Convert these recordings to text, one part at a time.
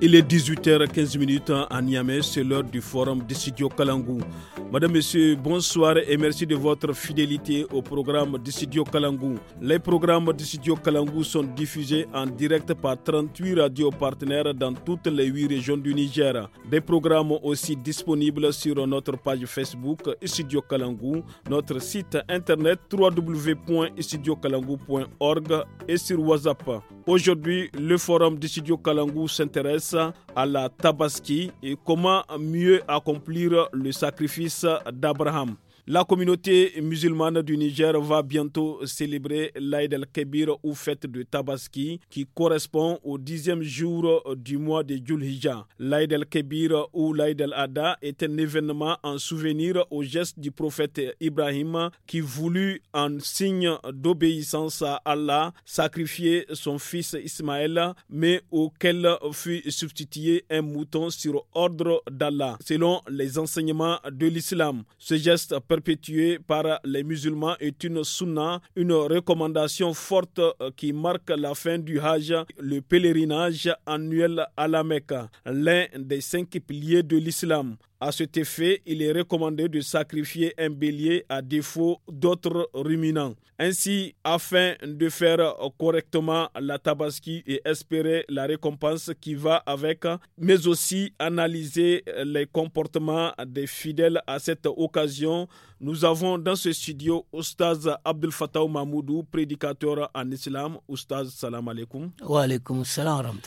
Il est 18h15 à Niamey, c'est l'heure du forum Studio Kalangou. Madame, Monsieur, bonsoir et merci de votre fidélité au programme d'Issidio Kalangou. Les programmes d'Issidio Kalangou sont diffusés en direct par 38 radios partenaires dans toutes les 8 régions du Niger. Des programmes aussi disponibles sur notre page Facebook Studio Kalangou, notre site internet www.studiokalangou.org et sur WhatsApp. Aujourd'hui, le forum d'Issidio Kalangou s'intéresse à la tabaski et comment mieux accomplir le sacrifice Abraham. La communauté musulmane du Niger va bientôt célébrer l'Aïd el-Kébir ou fête de Tabaski qui correspond au dixième jour du mois de Julhija. L'Aïd el-Kébir ou l'Aïd el est un événement en souvenir au geste du prophète Ibrahim qui voulut en signe d'obéissance à Allah sacrifier son fils Ismaël mais auquel fut substitué un mouton sur ordre d'Allah selon les enseignements de l'islam. Ce geste perpétuée par les musulmans est une sunna, une recommandation forte euh, qui marque la fin du Hajj, le pèlerinage annuel à la Mecque, l'un des cinq piliers de l'islam. À cet effet, il est recommandé de sacrifier un bélier à défaut d'autres ruminants. Ainsi, afin de faire correctement la tabaski et espérer la récompense qui va avec, mais aussi analyser les comportements des fidèles à cette occasion, nous avons dans ce studio Oustaz Abdel Fattah Mahmoudou, prédicateur en islam. Oustaz, salam alaikum. Wa alaikum salam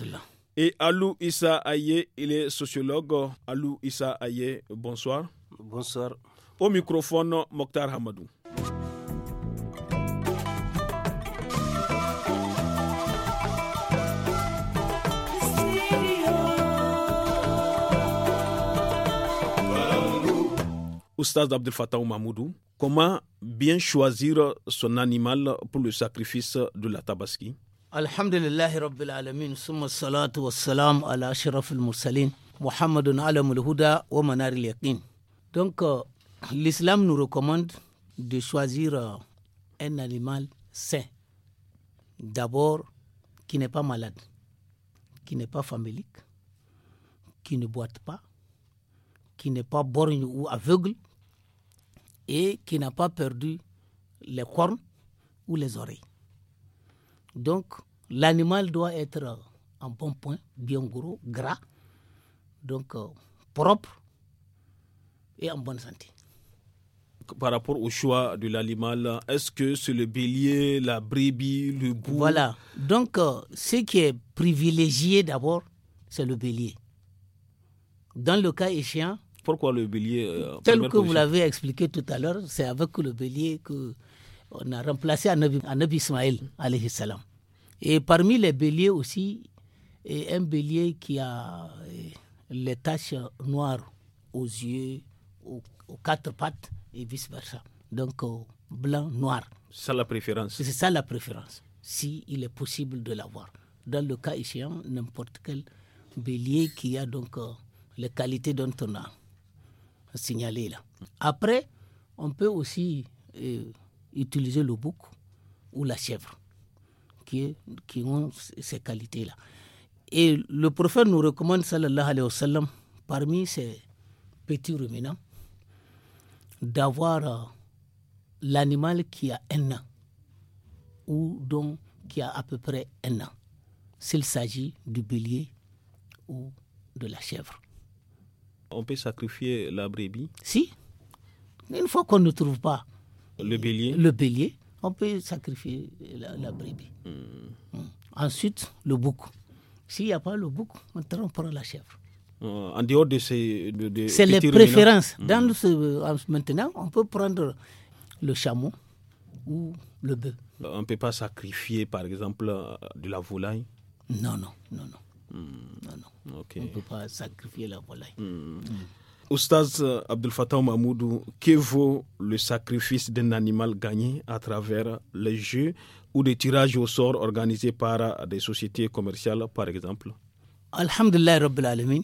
et Alou Issa Aye, il est sociologue. Alou Issa Aye, bonsoir. Bonsoir. Au microphone, Mokhtar Hamadou. Oustaz Abdel Fattah Mahmoudou, comment bien choisir son animal pour le sacrifice de la tabaski الحمد Summa Salatu العالمين ala الصلاة al mursalin, Muhammadun Alam huda wa manar al اليقين Donc, euh, l'islam nous recommande de choisir euh, un animal sain. D'abord, qui n'est pas malade, qui n'est pas famélique, qui ne boite pas, qui n'est pas borgne ou aveugle et qui n'a pas perdu les cornes ou les oreilles. Donc, l'animal doit être en bon point, bien gros, gras, donc euh, propre et en bonne santé. Par rapport au choix de l'animal, est-ce que c'est le bélier, la brebis, le bou Voilà. Donc, euh, ce qui est privilégié d'abord, c'est le bélier. Dans le cas échéant. Pourquoi le bélier euh, Tel que vous l'avez expliqué tout à l'heure, c'est avec le bélier que on a remplacé un Nabi Ismaël, alayhi salam. Et parmi les béliers aussi, et un bélier qui a euh, les taches noires aux yeux, aux, quatre pattes et vice-versa. Donc euh, blanc, noir. C'est ça la préférence. C'est ça la préférence, si il est possible de l'avoir. Dans le cas échéant, n'importe quel bélier qui a donc euh, les qualités dont on a signalé là. Après, on peut aussi utiliser le bouc ou la chèvre, qui, est, qui ont ces qualités-là. Et le prophète nous recommande, sallallahu alayhi wa sallam, parmi ces petits ruminants, d'avoir euh, l'animal qui a un an, ou donc qui a à peu près un an, s'il s'agit du bélier ou de la chèvre. On peut sacrifier la brebis Si. Une fois qu'on ne trouve pas, le bélier Le bélier. On peut sacrifier la, brebis. Hmm. Ensuite, le bouc. S'il n'y a pas le bouc, on prend la chèvre. Euh, en dehors de ces. De, C'est les préférences. Hmm. Dans maintenant, on peut prendre le chameau ou le bœuf. Euh, on ne peut pas sacrifier, par exemple, euh, de la volaille Non, non, non, non. Hmm. On ne peut pas sacrifier la volaille. Oustaz euh, Abdel Fattah Mahmoud, que vaut le sacrifice d'un animal gagné à travers les jeux ou des tirages au sort organisés par des sociétés commerciales, par exemple Alhamdulillah Rabbil Alamin.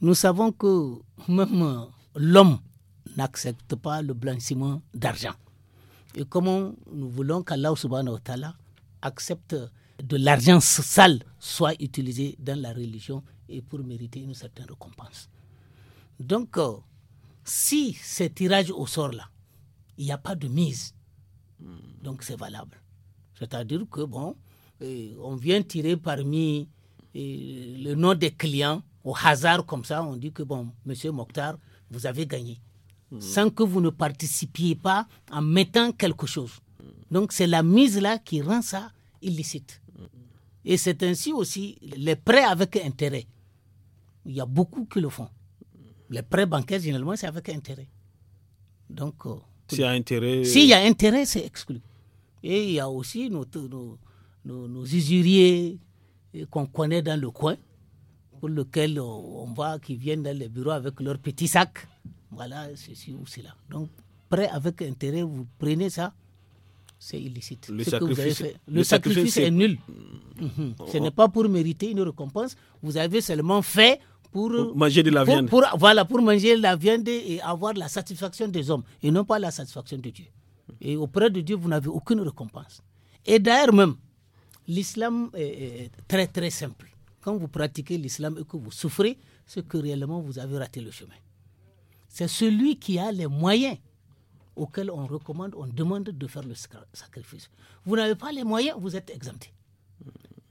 Nous savons que même euh, l'homme n'accepte pas le blanchiment d'argent. Et comment nous voulons qu'Allah subhanahu wa ta'ala accepte de l'argent sale soit utilisé dans la religion et pour mériter une certaine récompense. Donc, euh, si ce tirage au sort là, il n'y a pas de mise, donc c'est valable. C'est-à-dire que bon, euh, on vient tirer parmi euh, le nom des clients au hasard comme ça, on dit que bon, Monsieur Mokhtar, vous avez gagné, hmm. sans que vous ne participiez pas en mettant quelque chose. Donc c'est la mise là qui rend ça illicite. Et c'est ainsi aussi les prêts avec intérêt. Il y a beaucoup qui le font. Les prêts bancaires, généralement, c'est avec intérêt. Donc. Euh, s'il y a intérêt. S'il a intérêt, c'est exclu. Et il y a aussi nos, nos, usuriers qu'on connaît dans le coin, pour lesquels euh, on voit qu'ils viennent dans les bureaux avec leur petit sac. Voilà, ceci ou cela. Donc, prêt avec intérêt, vous prenez ça, c'est illicite. Le, sacrifice, le, sacrifice, est, nul. Mm-hmm. Ce oh. n'est pas pour mériter une récompense. Vous avez seulement fait pour, manger de la viande. Pour, voilà, pour manger la viande et avoir la satisfaction des hommes et non pas la satisfaction de Dieu. Et auprès de Dieu, vous n'avez aucune récompense. Et d'ailleurs même, l'islam est très très simple. Quand vous pratiquez l'islam et que vous souffrez, c'est que réellement vous avez raté le chemin. C'est celui qui a les moyens auxquels on recommande, on demande de faire le sacrifice. Vous n'avez pas les moyens, vous êtes exempté.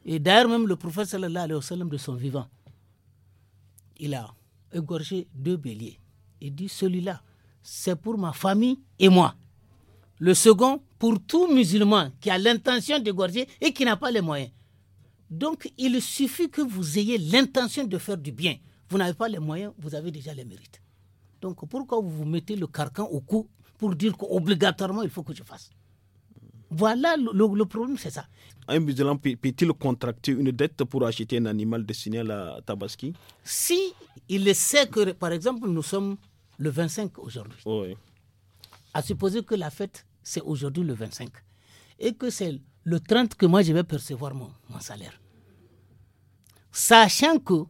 Et d'ailleurs même le prophète sallallahu alayhi wa sallam de son vivant, il a égorgé deux béliers. Il dit celui-là, c'est pour ma famille et moi. Le second, pour tout musulman qui a l'intention d'égorger et qui n'a pas les moyens. Donc, il suffit que vous ayez l'intention de faire du bien. Vous n'avez pas les moyens, vous avez déjà les mérites. Donc, pourquoi vous vous mettez le carcan au cou pour dire qu'obligatoirement, il faut que je fasse voilà le, problème, c'est ça. Un musulman peut-il contracter une dette pour acheter un animal destiné à la tabaski Si il sait que, par exemple, nous sommes le 25 aujourd'hui. Oui. À supposer que la fête, c'est aujourd'hui le 25. Et que c'est le 30 que moi, je vais percevoir mon, mon salaire. Sachant que,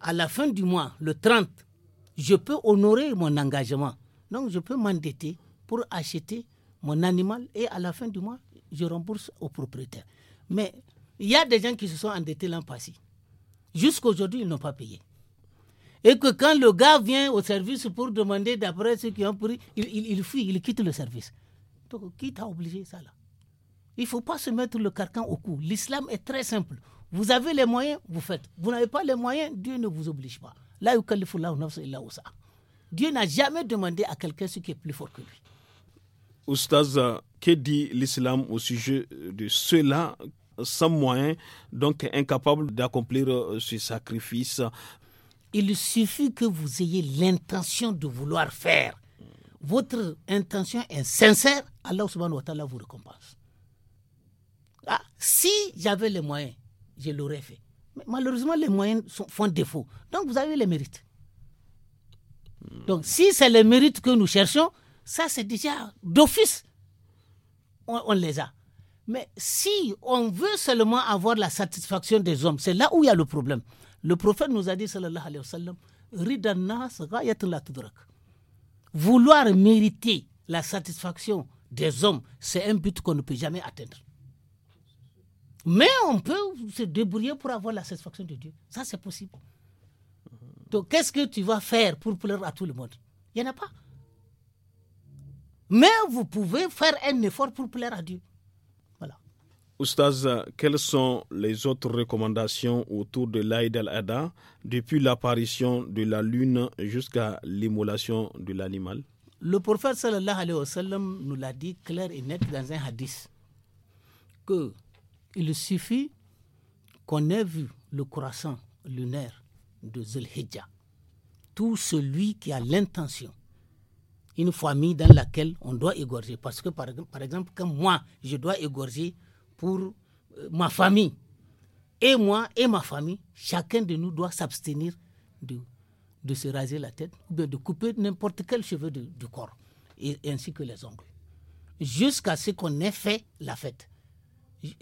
à la fin du mois, le 30, je peux honorer mon engagement. Donc, je peux m'endetter pour acheter mon animal et à la fin du mois, je rembourse au propriétaire. Mais il y a des gens qui se sont endettés l'an passé. Jusqu'à aujourd'hui, ils n'ont pas payé. Et que quand le gars vient au service pour demander d'après ce qui ont pris, il, fuit, il quitte le service. Donc, qui t'a obligé ça là Il ne faut pas se mettre le carcan au cou. L'islam est très simple. Vous avez les moyens, vous faites. Vous n'avez pas les moyens, Dieu ne vous oblige pas. Là, Dieu n'a jamais demandé à quelqu'un ce qui est plus fort que lui. Oustaz, que dit l'islam au sujet de ceux-là sans moyens, donc incapables d'accomplir euh, ce sacrifice Il suffit que vous ayez l'intention de vouloir faire. Votre intention est sincère, Allah vous récompense. Ah, si j'avais les moyens, je l'aurais fait. Mais malheureusement, les moyens font défaut. Donc, vous avez les mérites. Donc, si c'est les mérites que nous cherchons, ça c'est déjà d'office, on, les a. Mais si on veut seulement avoir la satisfaction des hommes, c'est là où il y a le problème. Le prophète nous a dit, sallallahu alayhi wa sallam, Vouloir mériter la satisfaction des hommes, c'est un but qu'on ne peut jamais atteindre. Mais on peut se débrouiller pour avoir la satisfaction de Dieu. Ça, c'est possible. Donc, qu'est-ce que tu vas faire pour plaire à tout le monde Il n'y en a pas mais vous pouvez faire un effort pour plaire à Dieu. Voilà. Oustaz, quelles sont les autres recommandations autour de l'Aïd al-Adha depuis l'apparition de la lune jusqu'à l'immolation de l'animal Le prophète sallallahu alayhi wa sallam nous l'a dit clair et net dans un hadith que il suffit qu'on ait vu le croissant lunaire de Zulhijjah. Tout celui qui a l'intention une famille dans laquelle on doit égorger. Parce que, par, exemple, quand moi, je dois égorger pour euh, ma famille, et moi et ma famille, chacun de nous doit s'abstenir de, de se raser la tête de, couper n'importe quel cheveu du corps, et, ainsi que les ongles, jusqu'à ce qu'on ait fait la fête.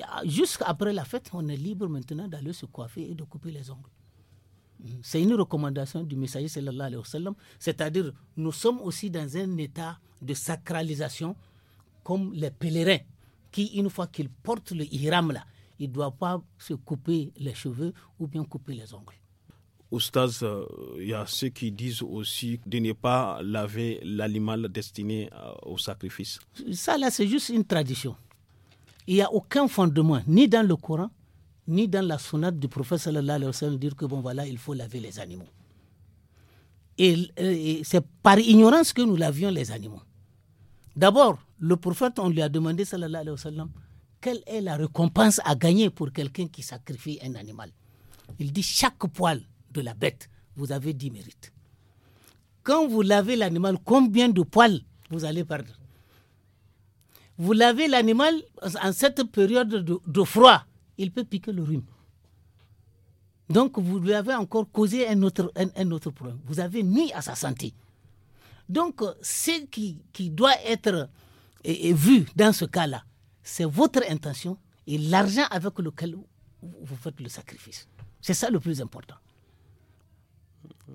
Ah, jusqu'après la fête, on est libre maintenant d'aller se coiffer et de couper les ongles. C'est une recommandation du messager sallallahu alayhi wa sallam. C'est-à-dire, nous sommes aussi dans un état de sacralisation comme les pèlerins qui, une fois qu'ils portent le hiram là, ils ne doivent pas se couper les cheveux ou bien couper les ongles. Oustaz, il euh, y a ceux qui disent aussi de ne pas laver l'animal destiné euh, au sacrifice. Ça, là, c'est juste une tradition. Il n'y a aucun fondement, ni dans le Coran, ni dans la sonate du prophète sallallahu alayhi wa sallam dire que bon voilà, il faut laver les animaux. Euh, et, c'est par ignorance que nous lavions les animaux. D'abord, le prophète, on lui a demandé sallallahu alayhi wa sallam, quelle est la récompense à gagner pour quelqu'un qui sacrifie un animal Il dit chaque poil de la bête, vous avez 10 mérites. Quand vous lavez l'animal, combien de poils vous allez perdre Vous lavez l'animal en cette période de froid, il peut piquer le rhume. Donc vous lui avez encore causé un autre, un, autre problème. Vous avez mis à sa santé. Donc ce qui, doit être vu dans ce cas-là, c'est votre intention et l'argent avec lequel vous faites le sacrifice. C'est ça le plus important.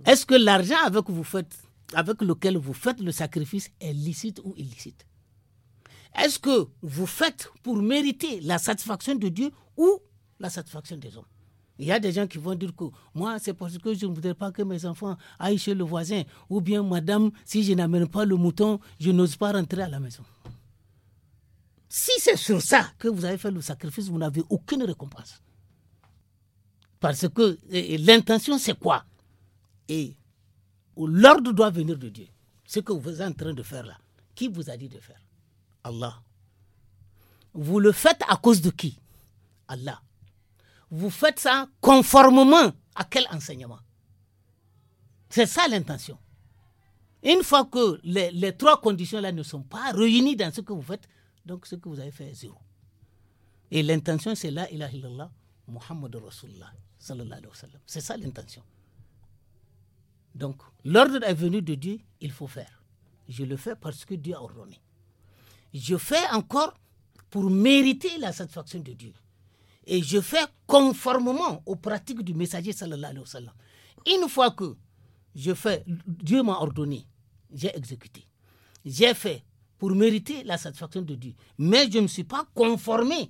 Est-ce que l'argent avec, avec lequel vous faites le sacrifice est licite ou illicite Est-ce que vous faites pour mériter la satisfaction de Dieu ou la satisfaction des hommes. Il y a des gens qui vont dire que moi, c'est parce que je ne voudrais pas que mes enfants aillent chez le voisin. Ou bien, madame, si je n'amène pas le mouton, je n'ose pas rentrer à la maison. Si c'est sur ça que vous avez fait le sacrifice, vous n'avez aucune récompense. Parce que l'intention, c'est quoi Et l'ordre doit venir de Dieu. Ce que vous êtes en train de faire là, qui vous a dit de faire Allah. Vous le faites à cause de qui Allah. Vous faites ça conformément à quel enseignement C'est ça l'intention. Une fois que les, trois conditions-là ne sont pas réunies dans ce que vous faites, donc ce que vous avez fait est zéro. Et l'intention, c'est là, il Allah, Muhammad Rasulullah, sallallahu alayhi wa C'est ça l'intention. Donc, l'ordre est venu de Dieu, il faut faire. Je le fais parce que Dieu a ordonné. Je fais encore pour mériter la satisfaction de Dieu et je fais conformément aux pratiques du messager sallallahu alayhi wa sallam. Une fois que je fais, Dieu m'a ordonné, j'ai exécuté. J'ai fait pour mériter la satisfaction de Dieu. Mais je ne suis pas conformé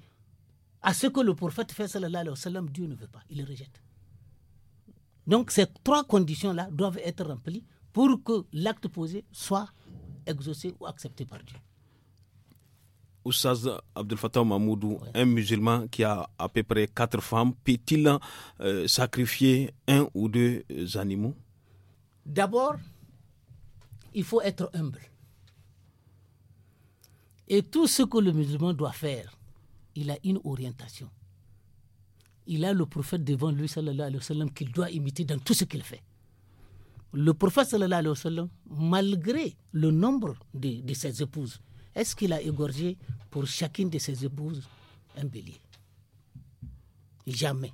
à ce que le prophète fait sallallahu alayhi wa sallam. Dieu ne veut pas, il le rejette. Donc ces trois conditions-là doivent être remplies pour que l'acte posé soit exaucé ou accepté par Dieu. Oussaz Abdel Fattah Mahmoudou, un musulman qui a à peu près quatre femmes, peut-il euh, sacrifier un ou deux animaux D'abord, il faut être humble. Et tout ce que le musulman doit faire, il a une orientation. Il a le prophète devant lui, sallallahu alayhi wa sallam, qu'il doit imiter dans tout ce qu'il fait. Le prophète, sallallahu malgré le nombre de ses épouses, est-ce qu'il a égorgé pour chacune de ses épouses un bélier Jamais.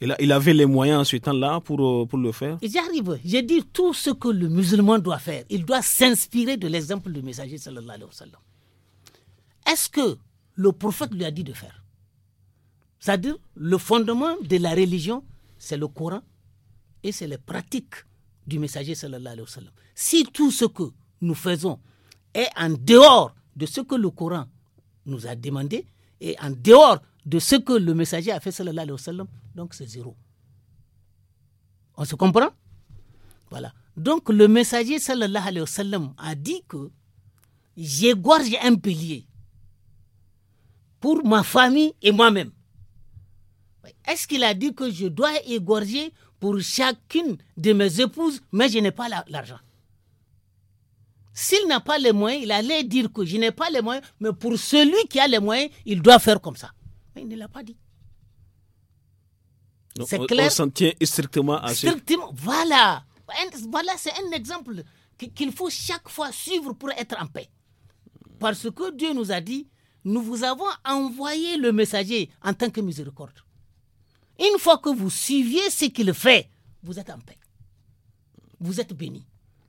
Il, avait les moyens en ce temps-là pour, euh, le faire J'y arrive. J'ai dit tout ce que le musulman doit faire. Il doit s'inspirer de l'exemple du messager Est-ce que le prophète lui a dit de faire C'est-à-dire, le fondement de la religion, c'est le Coran et c'est les pratiques du messager Si tout ce que nous faisons est en dehors de ce que le Coran nous a demandé et en dehors de ce que le messager a fait, sallallahu alayhi wa sallam, donc c'est zéro. On se comprend Voilà. Donc le messager, a dit que j'égorge un pilier pour ma famille et moi-même. Est-ce qu'il a dit que je dois égorger pour chacune de mes épouses, mais je n'ai pas l'argent s'il n'a pas les moyens, il allait dire que je n'ai pas les moyens, mais pour celui qui a les moyens, il doit faire comme ça. Mais il ne l'a pas dit. C'est clair. s'en tient strictement à strictement, Voilà. Voilà, c'est un exemple qu'il faut chaque fois suivre pour être en paix. Parce que Dieu nous a dit, nous vous avons envoyé le messager en tant que miséricorde. Une fois que vous suiviez ce qu'il fait, vous êtes en paix. Vous êtes béni.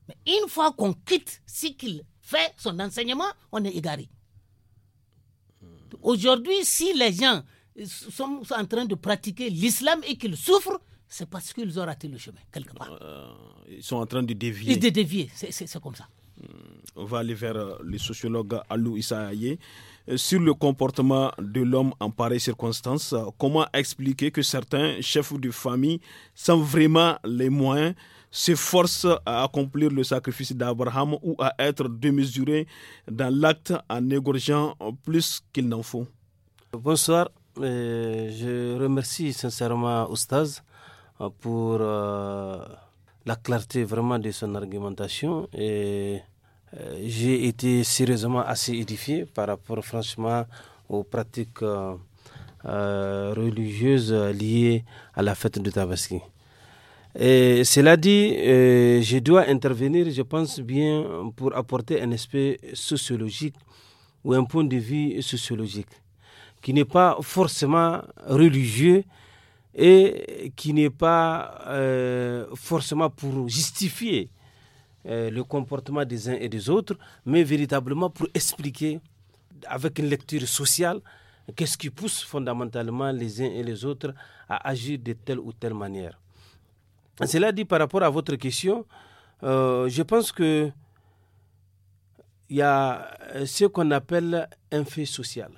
Mais une fois qu'on quitte ce qu'il fait, son enseignement, on est égaré. Aujourd'hui, si les gens sont, en train de pratiquer l'islam et qu'ils souffrent, c'est parce qu'ils ont raté le chemin, quelque part. Euh, ils sont en train de dévier. Ils de dévier, c'est comme ça. Hmm. On va aller vers euh, le sociologue Alou Issaïe. Euh, sur le comportement de l'homme en pareille circonstance, comment expliquer que certains chefs de famille, sont vraiment les moyens, force à accomplir le sacrifice d'Abraham ou à être démesuré dans l'acte en égorgeant plus qu'il n'en faut. Bonsoir, je remercie sincèrement Oustaz pour euh, la clarté vraiment de son argumentation et euh, j'ai été sérieusement assez édifié par rapport franchement aux pratiques euh, religieuses liées à la fête de Tabaski cela dit, euh, je dois intervenir, je pense bien, pour apporter un aspect sociologique ou un point de vue sociologique qui n'est pas forcément religieux et qui n'est pas euh, forcément pour justifier euh, le comportement des uns et des autres, mais véritablement pour expliquer avec une lecture sociale qu'est-ce qui pousse fondamentalement les uns et les autres à agir de telle ou telle manière. Cela dit, par rapport à votre question, euh, je pense que il y a euh, ce qu'on appelle un fait social.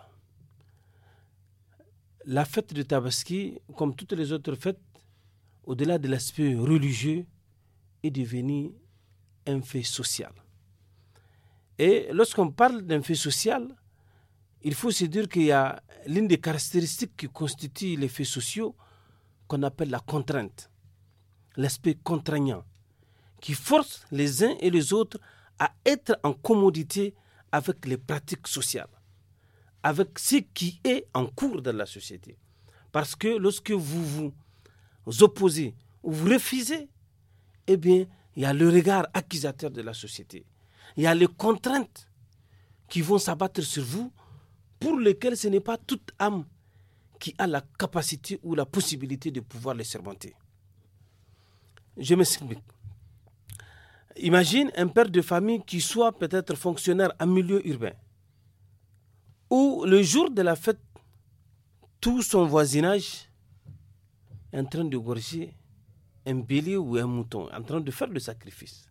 La fête de Tabaski, comme toutes les autres fêtes, au-delà de l'aspect religieux, est devenue un fait social. Et lorsqu'on parle d'un fait social, il faut se dire qu'il y a l'une des caractéristiques qui constituent les faits sociaux qu'on appelle la contrainte l'aspect contraignant, qui force les uns et les autres à être en commodité avec les pratiques sociales, avec ce qui est en cours dans la société. Parce que lorsque vous vous opposez ou vous refusez, eh bien, il y a le regard accusateur de la société. Il y a les contraintes qui vont s'abattre sur vous, pour lesquelles ce n'est pas toute âme qui a la capacité ou la possibilité de pouvoir les surmonter. Je m'explique. Imagine un père de famille qui soit peut-être fonctionnaire en milieu urbain, où le jour de la fête, tout son voisinage est en train de gorger un bélier ou un mouton, en train de faire le sacrifice.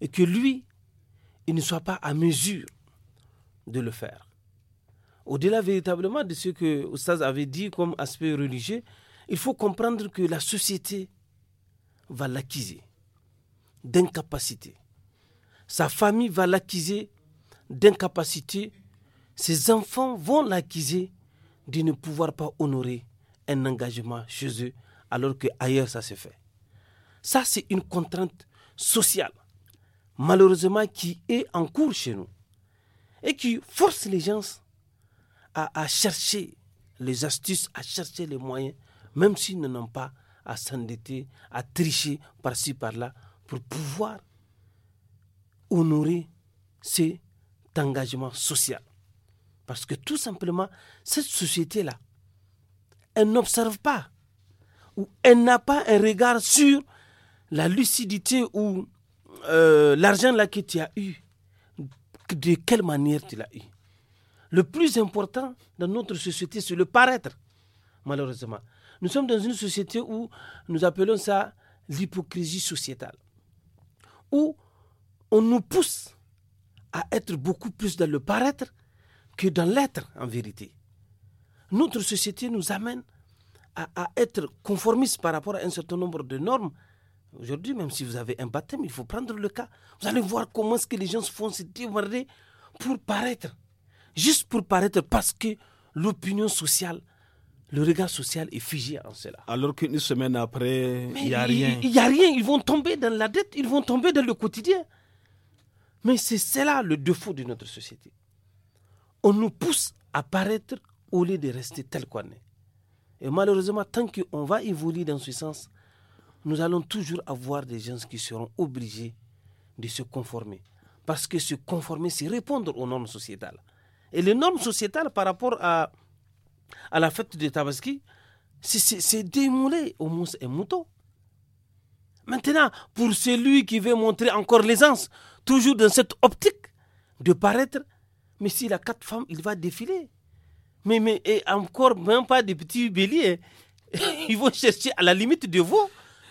Et que lui, il ne soit pas à mesure de le faire. Au-delà véritablement de ce que Oustaz avait dit comme aspect religieux, il faut comprendre que la société va l'accuser d'incapacité. Sa famille va l'accuser d'incapacité. Ses enfants vont l'accuser de ne pouvoir pas honorer un engagement chez eux alors ailleurs ça se fait. Ça, c'est une contrainte sociale, malheureusement, qui est en cours chez nous et qui force les gens à, chercher les astuces, à chercher les moyens, même s'ils n'en ont pas à s'endetter, à tricher par-ci, par-là, pour pouvoir honorer cet engagement social. Parce que tout simplement, cette société-là, elle n'observe pas, ou elle n'a pas un regard sur la lucidité ou euh, l'argent là que tu as eu, de quelle manière tu l'as eu. Le plus important dans notre société, c'est le paraître, malheureusement. Nous sommes dans une société où nous appelons ça l'hypocrisie sociétale, où on nous pousse à être beaucoup plus dans le paraître que dans l'être en vérité. Notre société nous amène à, être conformistes par rapport à un certain nombre de normes. Aujourd'hui, même si vous avez un baptême, il faut prendre le cas. Vous allez voir comment ce que les gens se font se démarrer pour paraître. Juste pour paraître parce que l'opinion sociale le regard social est figé en cela. Alors qu'une semaine après, il n'y a rien. Il n'y a rien. Ils vont tomber dans la dette, ils vont tomber dans le quotidien. Mais c'est cela le défaut de notre société. On nous pousse à paraître au lieu de rester tel qu'on est. Et malheureusement, tant qu'on va évoluer dans ce sens, nous allons toujours avoir des gens qui seront obligés de se conformer. Parce que se conformer, c'est répondre aux normes sociétales. Et les normes sociétales par rapport à à la fête de Tabaski, c'est démolé au mousse et mouton. Maintenant, pour celui qui veut montrer encore l'aisance, toujours dans cette optique de paraître, mais s'il a quatre femmes, il va défiler. Mais, mais et encore même pas des petits béliers. Ils vont chercher à la limite de vous.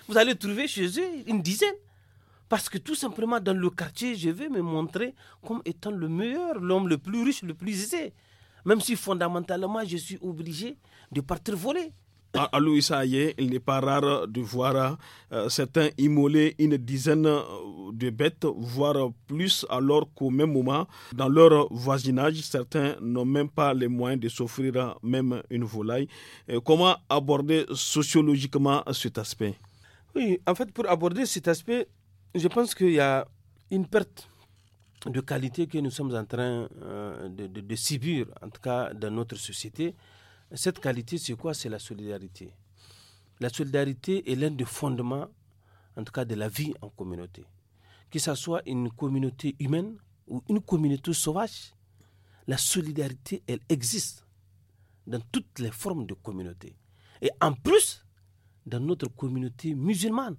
Vous allez trouver chez eux une dizaine. Parce que tout simplement, dans le quartier, je vais me montrer comme étant le meilleur, l'homme le plus riche, le plus aisé même si fondamentalement je suis obligé de partir voler. À Saïe, il n'est pas rare de voir euh, certains immoler une dizaine euh, de bêtes, voire plus, alors qu'au même moment, dans leur voisinage, certains n'ont même pas les moyens de s'offrir même une volaille. Euh, comment aborder sociologiquement cet aspect Oui, en fait, pour aborder cet aspect, je pense qu'il y a une perte de qualité que nous sommes en train euh, de, de, de, subir, en tout cas dans notre société. Cette qualité, c'est quoi C'est la solidarité. La solidarité est l'un des fondements, en tout cas, de la vie en communauté. Que ce soit une communauté humaine ou une communauté sauvage, la solidarité, elle existe dans toutes les formes de communauté. Et en plus, dans notre communauté musulmane,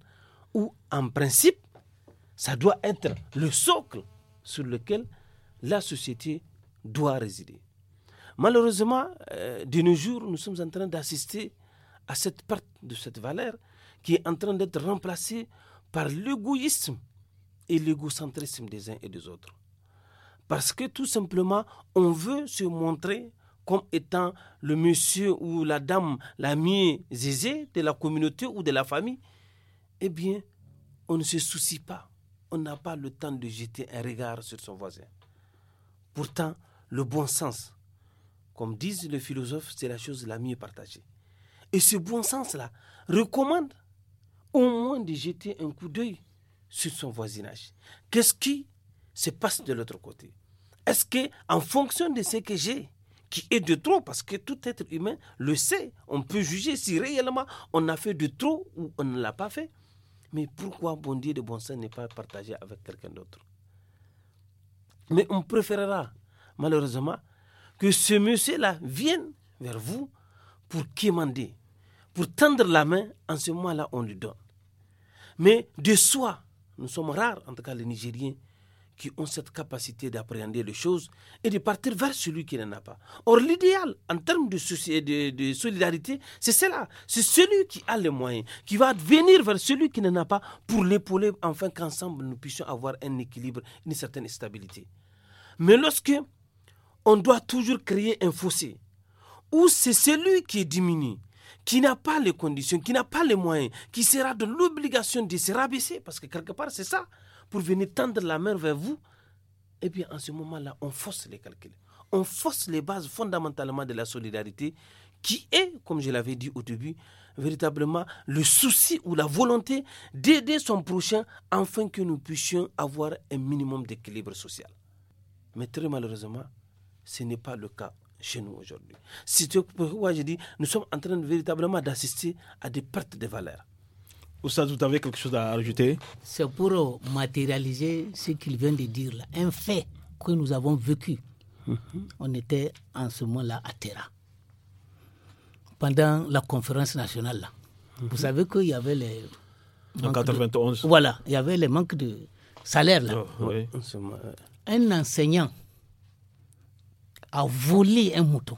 où en principe, ça doit être le socle sur lequel la société doit résider. Malheureusement, euh, de nos jours, nous sommes en train d'assister à cette part de cette valeur qui est en train d'être remplacée par l'égoïsme et l'égocentrisme des uns et des autres. Parce que tout simplement, on veut se montrer comme étant le monsieur ou la dame la mieux aisée de la communauté ou de la famille. Eh bien, on ne se soucie pas on n'a pas le temps de jeter un regard sur son voisin. Pourtant, le bon sens, comme disent les philosophes, c'est la chose la mieux partagée. Et ce bon sens-là recommande au moins de jeter un coup d'œil sur son voisinage. Qu'est-ce qui se passe de l'autre côté Est-ce que, en fonction de ce que j'ai, qui est de trop, parce que tout être humain le sait, on peut juger si réellement on a fait de trop ou on ne l'a pas fait. Mais pourquoi bon Dieu de bon sens n'est pas partagé avec quelqu'un d'autre Mais on préférera, malheureusement, que ce monsieur-là vienne vers vous pour quémander, pour tendre la main. En ce moment-là, on lui donne. Mais de soi, nous sommes rares, en tout cas les Nigériens, qui ont cette capacité d'appréhender les choses et de partir vers celui qui n'en a pas. Or, l'idéal en termes de, solidarité, c'est cela. C'est celui qui a les moyens, qui va venir vers celui qui n'en a pas pour l'épauler, afin qu'ensemble nous puissions avoir un équilibre, une certaine stabilité. Mais lorsque on doit toujours créer un fossé, où c'est celui qui est diminué, qui n'a pas les conditions, qui n'a pas les moyens, qui sera de l'obligation de se rabaisser, parce que quelque part c'est ça pour venir tendre la main vers vous, et eh bien, en ce moment-là, on force les calculs. On force les bases fondamentalement de la solidarité qui est, comme je l'avais dit au début, véritablement le souci ou la volonté d'aider son prochain afin que nous puissions avoir un minimum d'équilibre social. Mais très malheureusement, ce n'est pas le cas chez nous aujourd'hui. C'est pourquoi je dis, nous sommes en train véritablement d'assister à des pertes de valeurs vous avez quelque chose à ajouter? C'est pour matérialiser ce qu'il vient de dire là, un fait que nous avons vécu. Mhm. On était en ce moment-là à Terra, pendant la conférence nationale. Là. Vous mhm. savez qu'il y avait les. En 91. Voilà, il y avait les manques de salaire là. Oh, un enseignant a volé un mouton.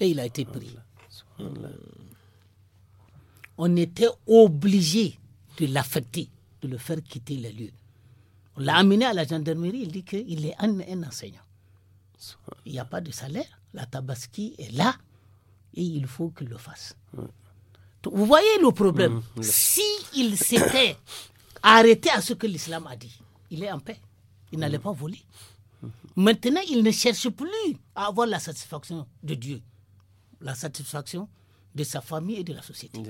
Et il a été pris on était obligé de l'affecter, de le faire quitter le lieu. On l'a amené à la gendarmerie, il dit qu'il est un, enseignant. Il n'y a pas de salaire, la tabaski est là et il faut qu'il le fasse. Vous voyez le problème S'il mmh, Si il s'était arrêté à ce que l'islam a dit, il est en paix. Il n'allait mmh. pas voler. Mmh. Maintenant, il ne cherche plus à avoir la satisfaction de Dieu. La satisfaction de sa famille et de la société.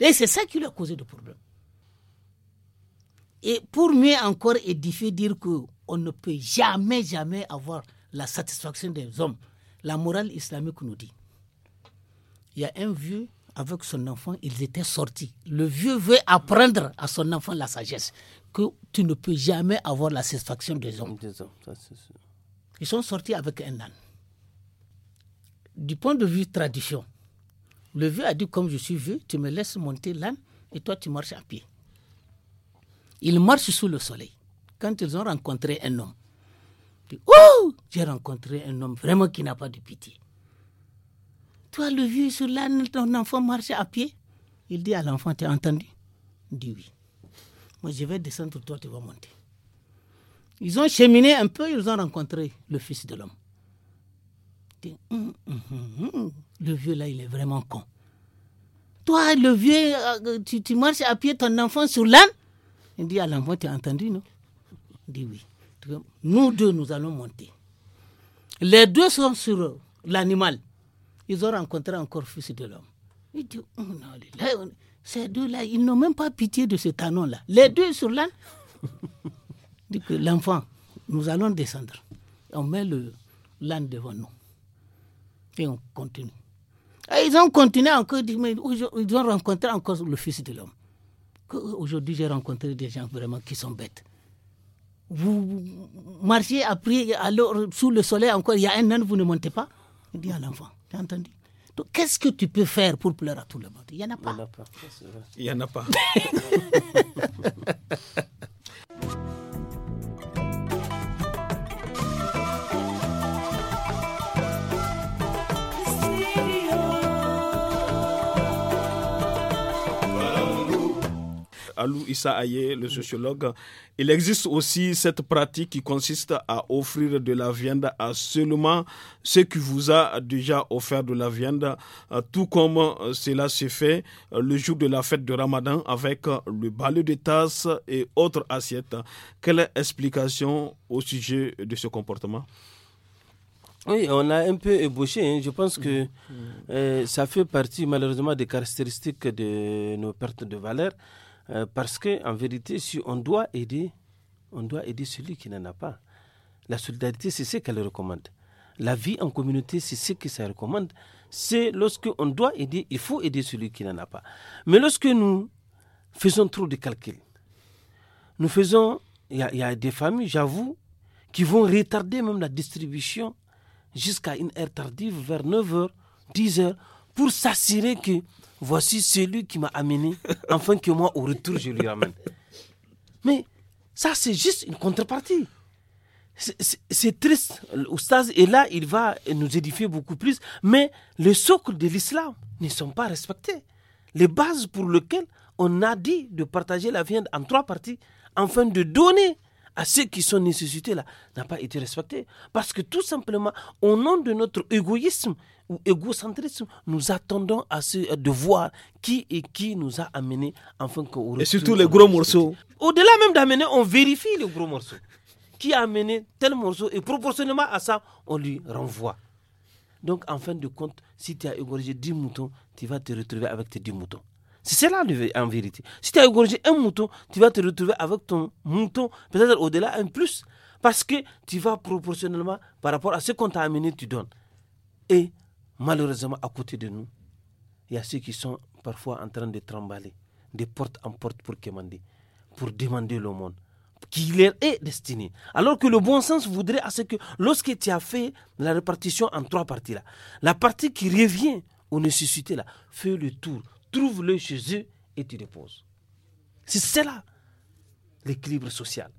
Et c'est ça qui lui a causé de problème. Et pour mieux encore édifier, dire qu'on ne peut jamais, jamais avoir la satisfaction des hommes, la morale islamique nous dit. Il y a un vieux avec son enfant, ils étaient sortis. Le vieux veut apprendre à son enfant la sagesse, que tu ne peux jamais avoir la satisfaction des hommes. Ils sont sortis avec un âne. Du point de vue tradition, le vieux a dit, comme je suis vieux, tu me laisses monter l'âne et toi tu marches à pied. Ils marchent sous le soleil. Quand ils ont rencontré un homme, Oh, j'ai rencontré un homme vraiment qui n'a pas de pitié. Toi, le vieux sur l'âne, ton enfant marche à pied. Il dit à l'enfant, tu as entendu Il dit oui. Moi, je vais descendre, toi, tu vas monter. Ils ont cheminé un peu, ils ont rencontré le fils de l'homme. Hum, hum, hum, le vieux là, il est vraiment con. Toi, le vieux, euh, tu, marches à pied ton enfant sur l'âne Il dit à ah, l'enfant Tu as entendu, non Il dit Oui. Nous deux, nous allons monter. Les deux sont sur euh, l'animal. Ils ont rencontré encore fils de l'homme. Il dit oh, Ces deux-là, ils n'ont même pas pitié de ce canon-là. Les deux sur l'âne. Il dit que l'enfant, nous allons descendre. On met l'âne devant nous. Et on continue. ils ont continué encore, ils ont rencontré encore le Fils de l'homme. Euh, aujourd'hui, j'ai rencontré des gens vraiment qui sont bêtes. Vous marchez après, alors, sous le soleil encore, il y a un an, vous ne montez pas. Il dit à l'enfant, as entendu donc, qu'est-ce que tu peux faire pour pleurer à tout le monde Il n'y en a pas. Il n'y en a pas. Alou Issa Aye, le sociologue. Il existe aussi cette pratique qui consiste à offrir de la viande à seulement ceux qui vous a déjà offert de la viande, euh, tout comme euh, cela se fait euh, le jour de la fête de Ramadan avec le balai de tasses et autres assiettes. Quelle explication au sujet de ce comportement oui, on a un peu ébauché. Hein. Je pense que mm. ça fait partie malheureusement des caractéristiques de nos pertes de valeur. Euh, parce que en vérité, si on doit aider, on doit aider celui qui n'en a pas. La solidarité, c'est ce qu'elle recommande. La vie en communauté, c'est ce que ça recommande. C'est lorsque on doit aider, il faut aider celui qui n'en a pas. Mais lorsque nous faisons trop de calculs, nous faisons, il y, y, a des familles, j'avoue, qui vont retarder même la distribution jusqu'à une heure tardive, vers 9h, 10h, pour s'assurer que voici celui qui m'a amené, enfin que moi, au retour, je lui ramène. Mais ça, c'est juste une contrepartie. C'est triste. et et là, il va nous édifier beaucoup plus, mais les socles de l'islam ne sont pas respectés. Les bases pour lesquelles on a dit de partager la viande en trois parties, afin de donner à ceux qui sont nécessités là n'a pas été respecté. Parce que tout simplement, au nom de notre égoïsme ou égocentrisme, nous attendons à ce, euh, de voir qui et qui nous a amenés enfin que Et surtout les gros morceaux. Au-delà même d'amener, on vérifie les gros morceaux. Qui a amené tel morceau et proportionnellement à ça, on lui renvoie. Donc en fin de compte, si tu as égorgé 10 moutons, tu vas te retrouver avec tes 10 moutons. C'est cela en vérité. Si tu as égorgé un mouton, tu vas te retrouver avec ton mouton, peut-être au-delà, un plus, parce que tu vas proportionnellement par rapport à ce qu'on t'a amené, tu donnes. Et malheureusement, à côté de nous, il y a ceux qui sont parfois en train de trembler de porte en porte pour commander, pour demander le monde qui leur est destiné. Alors que le bon sens voudrait à ce que lorsque tu as fait la répartition en trois parties là, la partie qui revient aux nécessités là, fais le tour, trouve-le chez eux et tu déposes. C'est cela, l'équilibre social.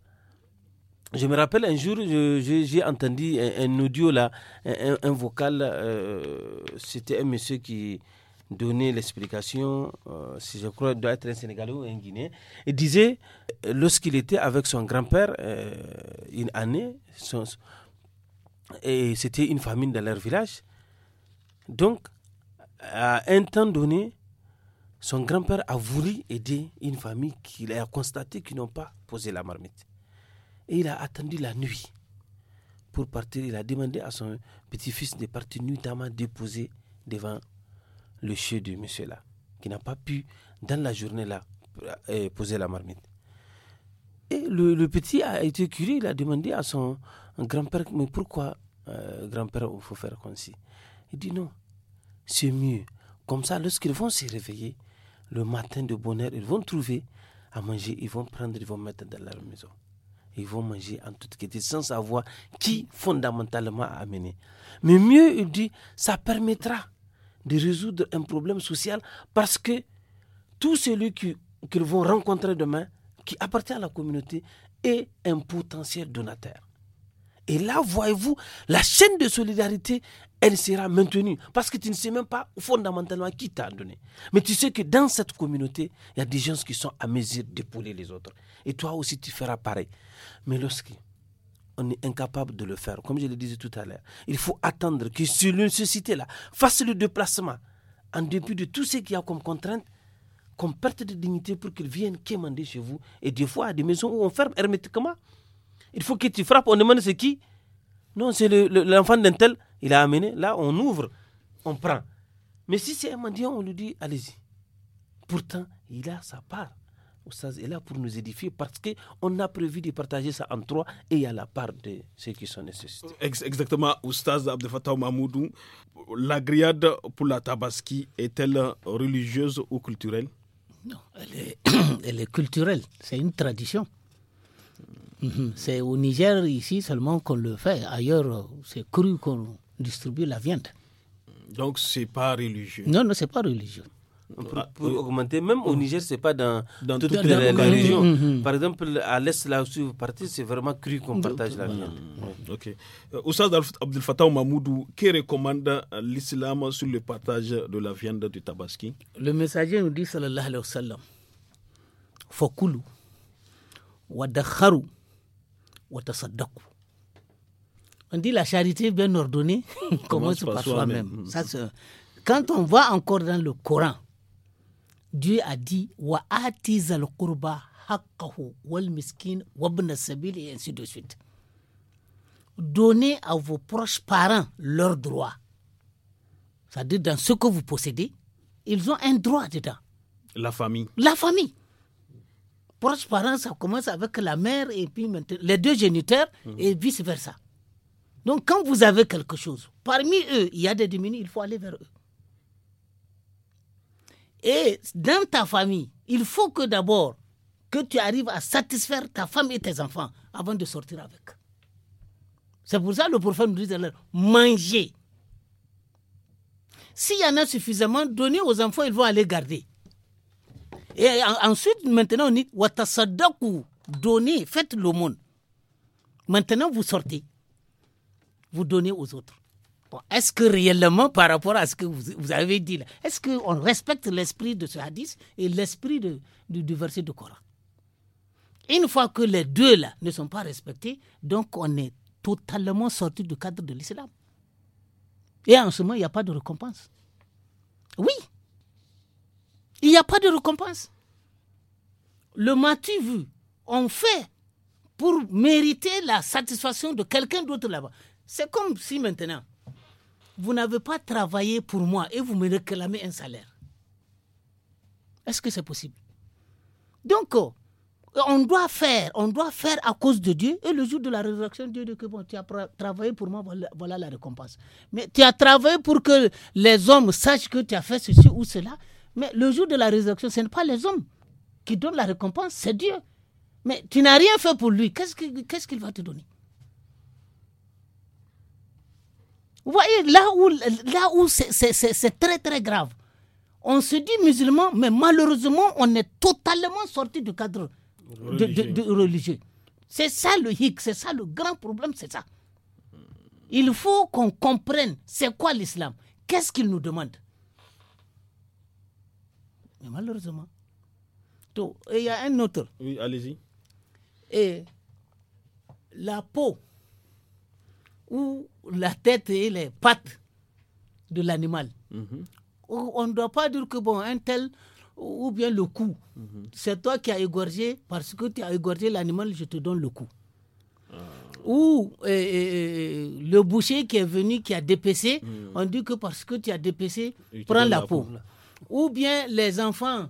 Je me rappelle un jour, j'ai entendu un, audio là, un, vocal. Euh, c'était un monsieur qui donnait l'explication, euh, si je crois, doit être un Sénégalais ou un Guinéen. Il disait, euh, lorsqu'il était avec son grand-père, une année, et c'était une famine dans leur village. Donc, à un temps donné, son grand-père a voulu aider une famille qu'il a constaté qu'ils n'ont pas posé la marmite. Et il a attendu la nuit pour partir. Il a demandé à son petit-fils de partir nuitamment déposer devant le chef de monsieur-là, qui n'a pas pu, dans la journée-là, euh, poser la marmite. Et le, petit a été curieux, il a demandé à son grand-père, mais pourquoi, euh, grand-père, il faut faire comme ci Il dit non, c'est mieux. Comme ça, lorsqu'ils vont se réveiller, le matin de bonheur, ils vont trouver à manger, ils vont prendre, ils vont mettre dans leur maison. Ils vont manger en toute qualité sans savoir qui fondamentalement a amené. Mais mieux, il dit, ça permettra de résoudre un problème social parce que tout celui qu'ils vont rencontrer demain, qui appartient à la communauté, est un potentiel donateur. Et là, voyez-vous, la chaîne de solidarité, elle sera maintenue. Parce que tu ne sais même pas fondamentalement qui t'a donné. Mais tu sais que dans cette communauté, il y a des gens qui sont à mesure d'épauler les autres. Et toi aussi, tu feras pareil. Mais lorsqu'on on est incapable de le faire, comme je le disais tout à l'heure, il faut attendre que sur une société-là fasse le déplacement en dépit de tout ce qu'il y a comme contrainte, comme perte de dignité pour qu'ils viennent quémander chez vous. Et des fois, à des maisons où on ferme hermétiquement. Il faut que tu frappes. On demande c'est qui Non, c'est l'enfant d'un tel. Il a amené. Là, on ouvre, on prend. Mais si c'est un mendiant, on lui dit allez-y. Pourtant, il a sa part. Oustaz est là pour nous édifier parce qu'on a prévu de partager ça en trois et il y a la part de ceux qui sont nécessités. Exactement, Oustaz Abdefatah Mahmoudou, la grillade pour la tabaski est-elle religieuse ou culturelle Non, elle est culturelle, c'est une tradition. Mhm. C'est au Niger, ici seulement qu'on le fait. Ailleurs, c'est cru qu'on distribue la viande. Donc, c'est pas religieux Non, non, c'est pas religieux. Pour, augmenter. Même au mhm. Niger, c'est pas dans, dans toutes les, mhm, Par exemple, à l'Est, là où vous partez, c'est vraiment cru qu'on partage la viande. Ok. Euh, Oussad Abdel Fattah Mahmoudou, qui recommande l'islam sur le partage de la viande du tabaski Le messager nous dit, sallallahu alayhi wa sallam, Fakulu, Wadakharou, on dit la charité bien ordonnée commence par soi-même. quand on va encore dans le Coran, Dieu a dit wa miskin Donnez à vos proches parents leurs droits. C'est-à-dire dans ce que vous possédez, ils ont un droit dedans. La famille. La famille proches parents, ça commence avec la mère et puis les deux géniteurs mhm. et vice-versa. Donc quand vous avez quelque chose, parmi eux, il y a des démunis, il faut aller vers eux. Et dans ta famille, il faut que d'abord que tu arrives à satisfaire ta femme et tes enfants avant de sortir avec. C'est pour ça que le prophète nous dit manger. S'il y en a suffisamment, donnez aux enfants, ils vont aller garder. Et ensuite, maintenant, on dit Watasaddaku, donnez, faites l'aumône. Maintenant, vous sortez. Vous donnez aux autres. est-ce que réellement, par rapport à ce que vous, avez dit est-ce qu'on respecte l'esprit de ce hadith et l'esprit de, du verset du Coran Une fois que les deux là ne sont pas respectés, donc on est totalement sorti du cadre de l'islam. Et en ce moment, il n'y a pas de récompense. Oui, il n'y a pas de récompense. Le matu on fait pour mériter la satisfaction de quelqu'un d'autre là-bas. C'est comme si maintenant, vous n'avez pas travaillé pour moi et vous me réclamez un salaire. Est-ce que c'est possible Donc, euh, on doit faire, on doit faire à cause de Dieu. Et le jour de la résurrection, Dieu dit que bon, tu as travaillé pour moi, voilà, la récompense. Mais tu as travaillé pour que les hommes sachent que tu as fait ceci ou cela. Mais le jour de la résurrection, ce n'est pas les hommes qui donnent la récompense, c'est Dieu. Mais tu n'as rien fait pour lui. Qu'est-ce qu'il va te donner Vous voyez, là où, c'est très très grave, on se dit musulman, mais malheureusement, on est totalement sorti du cadre de religieux. C'est ça le hic, c'est ça le grand problème, c'est ça. Il faut qu'on comprenne c'est quoi l'islam, qu'est-ce qu'il nous demande. Mais malheureusement. et il y a un autre. Oui, allez-y. Et la peau ou la tête et les pattes de l'animal. Mhm. On ne doit pas dire que bon, un tel ou bien le cou. Mhm. C'est toi qui as égorgé, parce que tu as égorgé l'animal, je te donne le cou. Ah. Ou le boucher qui est venu, qui a dépêché, mhm. on dit que parce que tu as dépêché, prends la, peau ou bien les enfants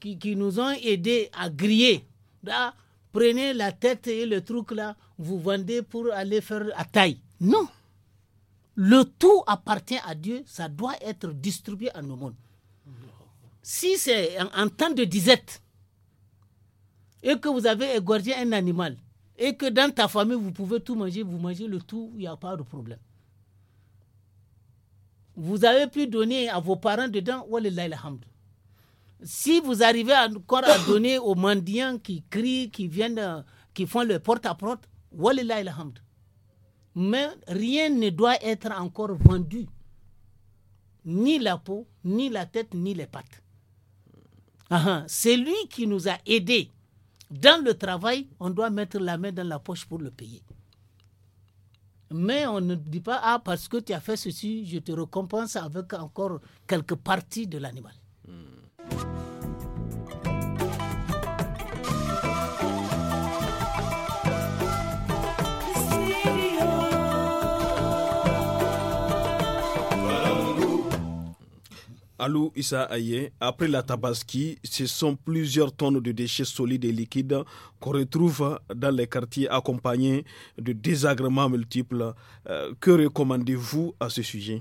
qui, qui nous ont aidés à griller. Là, prenez la tête et le truc là, vous vendez pour aller faire à taille. Non. Le tout appartient à Dieu, ça doit être distribué à nos mondes. Si c'est en, en, temps de disette et que vous avez égorgé un animal et que dans ta famille vous pouvez tout manger, vous mangez le tout, il n'y a pas de problème vous avez pu donner à vos parents dedans, si vous arrivez encore à donner aux mendiants qui crient, qui viennent, euh, qui font le porte-à-porte, -porte, mais rien ne doit être encore vendu. Ni la peau, ni la tête, ni les pattes. C'est lui qui nous a aidés. Dans le travail, on doit mettre la main dans la poche pour le payer. Mais on ne dit pas, ah, parce que tu as fait ceci, je te récompense avec encore quelques parties de l'animal. Alou Issa Aye, après la Tabaski, ce sont plusieurs tonnes de déchets solides et liquides qu'on retrouve dans les quartiers accompagnés de désagréments multiples. Euh, que recommandez-vous à ce sujet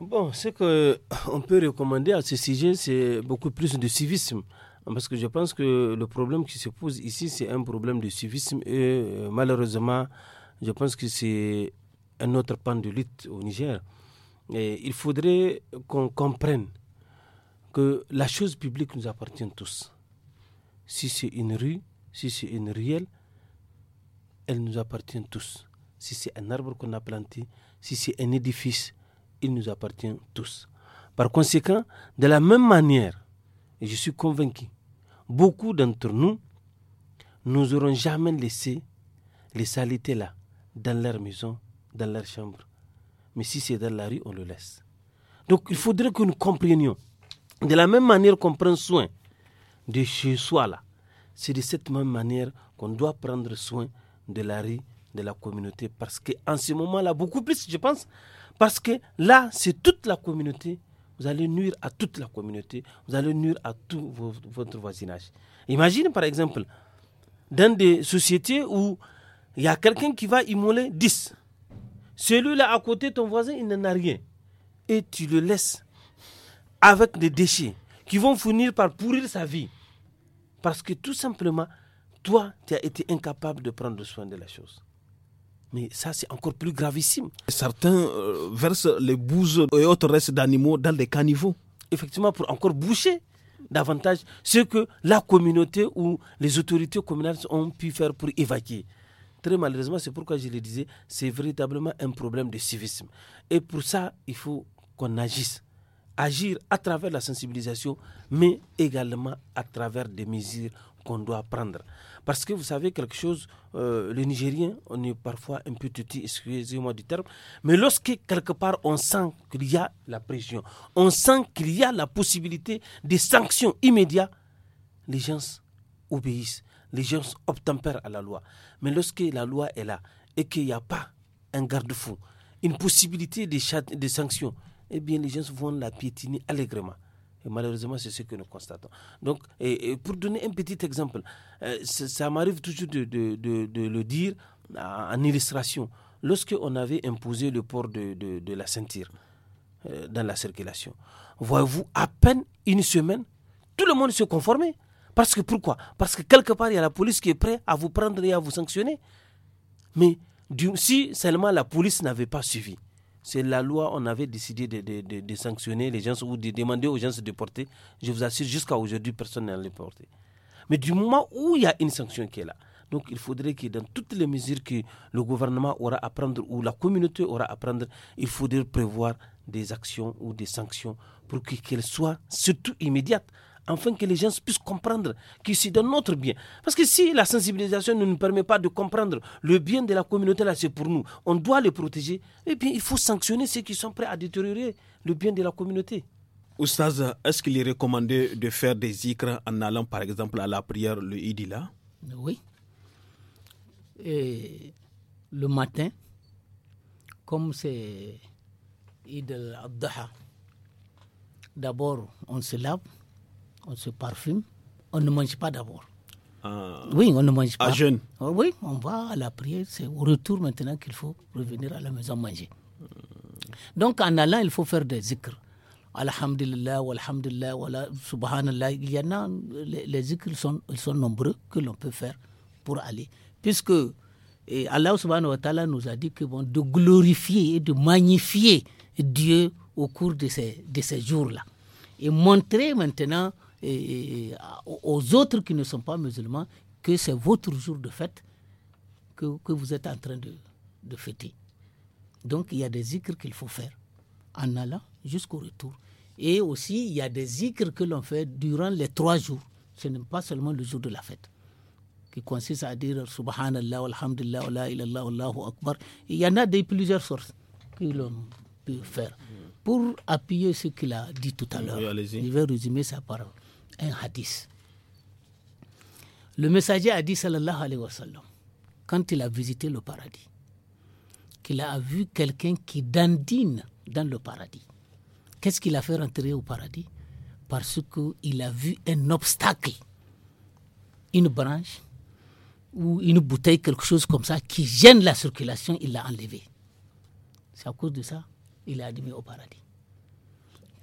Bon, ce qu'on euh, peut recommander à ce sujet, c'est beaucoup plus de civisme. Parce que je pense que le problème qui se pose ici, c'est un problème de civisme et euh, malheureusement, je pense que c'est un autre pan de lutte au Niger il faudrait qu'on comprenne que la chose publique nous appartient tous. Si c'est une rue, si c'est une ruelle, elle nous appartient tous. Si c'est un arbre qu'on a planté, si c'est un édifice, il nous appartient tous. Par conséquent, de la même manière, et je suis convaincu, beaucoup d'entre nous, nous n'aurons jamais laissé les saletés là, dans leur maison, dans leur chambre, mais si c'est dans la rue, on le laisse. Donc il faudrait que nous comprenions. De la même manière qu'on prend soin de chez soi, là, c'est de cette même manière qu'on doit prendre soin de la rue, de la communauté. Parce qu'en ce moment-là, beaucoup plus, je pense, parce que là, c'est toute la communauté. Vous allez nuire à toute la communauté. Vous allez nuire à tout votre voisinage. Imagine, par exemple, dans des sociétés où il y a quelqu'un qui va immoler 10. Celui-là à côté, ton voisin, il n'en a rien. Et tu le laisses avec des déchets qui vont finir par pourrir sa vie. Parce que tout simplement, toi, tu as été incapable de prendre soin de la chose. Mais ça, c'est encore plus gravissime. Certains euh, versent les bouses et autres restes d'animaux dans les caniveaux. Effectivement, pour encore boucher davantage ce que la communauté ou les autorités communales ont pu faire pour évacuer. Très malheureusement, c'est pourquoi je le disais, c'est véritablement un problème de civisme. Et pour ça, il faut qu'on agisse. Agir à travers la sensibilisation, mais également à travers des mesures qu'on doit prendre. Parce que vous savez quelque chose, euh, les Nigériens, on est parfois un peu petit excusez-moi du terme, mais lorsque quelque part on sent qu'il y a la pression, on sent qu'il y a la possibilité des sanctions immédiates, les gens obéissent les gens obtempèrent à la loi. Mais lorsque la loi est là et qu'il n'y a pas un garde-fou, une possibilité de, sanction, eh bien les gens vont la piétiner allègrement. Et malheureusement, c'est ce que nous constatons. Donc, pour donner un petit exemple, euh, ça, m'arrive toujours de, de, le dire en illustration. Lorsque on avait imposé le port de, la ceinture euh, dans la circulation, voyez-vous, à peine une semaine, tout le monde se conformait. Parce que pourquoi Parce que quelque part, il y a la police qui est prête à vous prendre et à vous sanctionner. Mais si seulement la police n'avait pas suivi, c'est la loi, on avait décidé de, sanctionner les gens ou de demander aux gens de se déporter. Je vous assure, jusqu'à aujourd'hui, personne n'a les Mais du moment où il y a une sanction qui est là, donc il faudrait que dans toutes les mesures que le gouvernement aura à prendre ou la communauté aura à prendre, il faudrait prévoir des actions ou des sanctions pour qu'elles soient surtout immédiates afin que les gens puissent comprendre qu'ici c'est de notre bien. Parce que si la sensibilisation ne nous permet pas de comprendre le bien de la communauté, là, c'est pour nous, on doit les protéger, et eh bien, il faut sanctionner ceux qui sont prêts à détériorer le bien de la communauté. Oustaz, est-ce qu'il est recommandé de faire des zikres en allant, par exemple, à la prière le Idila Oui. Et le matin, comme c'est Idil Abdaha, d'abord, on se lave on se parfume, on ne mange pas d'abord. Ah. oui, on ne mange pas. À jeûne. Oh, oui, on va à la prière. C'est au retour maintenant qu'il faut revenir à la maison manger. Donc en allant, il faut faire des zikrs. Alhamdulillah, alhamdulillah, subhanallah. Il y a, les, zikrs sont, ils sont nombreux que l'on peut faire pour aller. Puisque Allah subhanahu wa ta'ala nous a dit que vont de glorifier et de magnifier Dieu au cours de ces, de ces jours-là. Et montrer maintenant et, aux autres qui ne sont pas musulmans que c'est votre jour de fête que, que vous êtes en train de, de, fêter. Donc il y a des zikrs qu'il faut faire en allant jusqu'au retour. Et aussi il y a des zikrs que l'on fait durant les trois jours. Ce n'est pas seulement le jour de la fête qui consiste à dire Subhanallah, Alhamdulillah, Akbar. Il y en a de plusieurs sources que l'on peut faire. Pour appuyer ce qu'il a dit tout à l'heure, Il je vais résumer sa parole un hadith. Le messager a dit, alayhi wa sallam, quand il a visité le paradis, qu'il a vu quelqu'un qui dandine dans le paradis. Qu'est-ce qu'il a fait rentrer au paradis Parce qu'il a vu un obstacle, une branche ou une bouteille, quelque chose comme ça, qui gêne la circulation, il l'a enlevé. C'est à cause de ça, il est admis au paradis.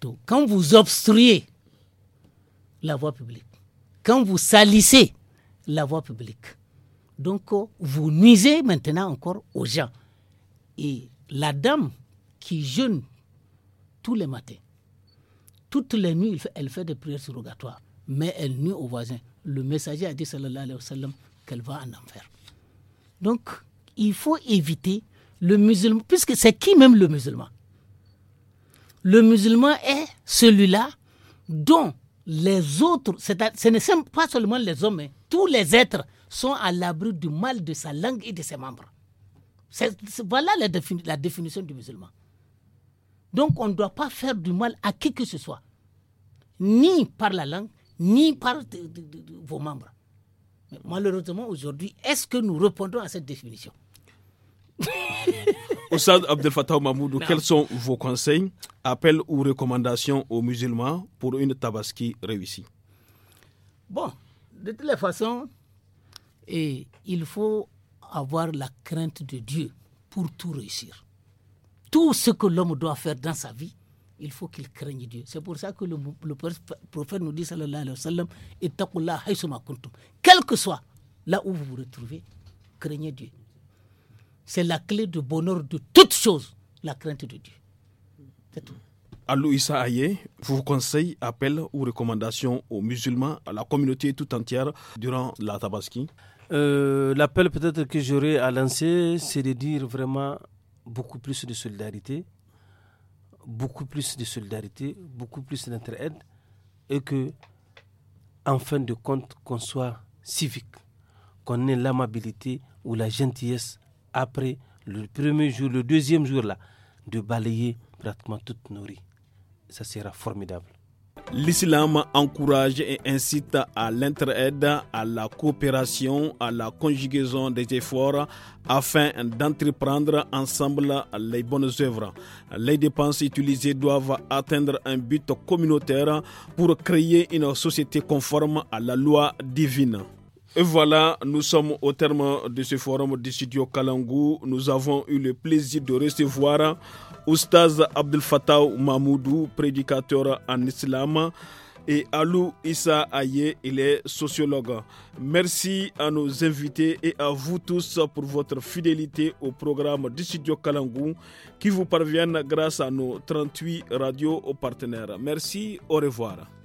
Donc, quand vous obstruez la voie publique. Quand vous salissez la voie publique, donc vous nuisez maintenant encore aux gens. Et la dame qui jeûne tous les matins, toutes les nuits, elle fait des prières surrogatoires, mais elle nuit aux voisins. Le messager a dit, sallallahu alayhi wa sallam, qu'elle va en enfer. Donc, il faut éviter le musulman, puisque c'est qui même le musulman Le musulman est celui-là dont les autres, ce ne sont pas seulement les hommes, hein. tous les êtres sont à l'abri du mal de sa langue et de ses membres. voilà la, définition du musulman. Donc on ne doit pas faire du mal à qui que ce soit, ni par la langue, ni par vos membres. malheureusement, aujourd'hui, est-ce que nous répondons à cette définition Oussad Abdel Fattah Mahmoudou, quels sont vos conseils, appels ou recommandations aux musulmans pour une tabaski réussie Bon, de toutes les façons, et il faut avoir la crainte de Dieu pour tout réussir. Tout ce que l'homme doit faire dans sa vie, il faut qu'il craigne Dieu. C'est pour ça que le, prophète nous dit, alayhi wa sallam, Quel que soit là où vous vous retrouvez, craignez Dieu c'est la clé du bonheur de toute chose, la crainte de Dieu. C'est tout. Alou Aye, vos conseils, appels ou recommandations aux musulmans, à la communauté tout entière durant la Tabaski euh, L'appel peut-être que j'aurais à lancer, c'est de dire vraiment beaucoup plus de solidarité, beaucoup plus de solidarité, beaucoup plus d'entraide et que, en fin de compte, qu'on soit civique, qu'on ait l'amabilité ou la gentillesse après le premier jour, le deuxième jour là, de balayer pratiquement toute nourriture. Ça sera formidable. L'islam encourage et incite à l'entraide, à la coopération, à la conjugaison des efforts afin d'entreprendre ensemble les bonnes œuvres. Les dépenses utilisées doivent atteindre un but communautaire pour créer une société conforme à la loi divine. Et voilà, nous sommes au terme de ce forum du studio Kalangou. Nous avons eu le plaisir de recevoir Oustaz Abdel Fattah Mahmoudou, prédicateur en islam, et Alou Issa Aye, il est sociologue. Merci à nos invités et à vous tous pour votre fidélité au programme du studio Kalangou qui vous parvient grâce à nos 38 radios partenaires. Merci, au revoir.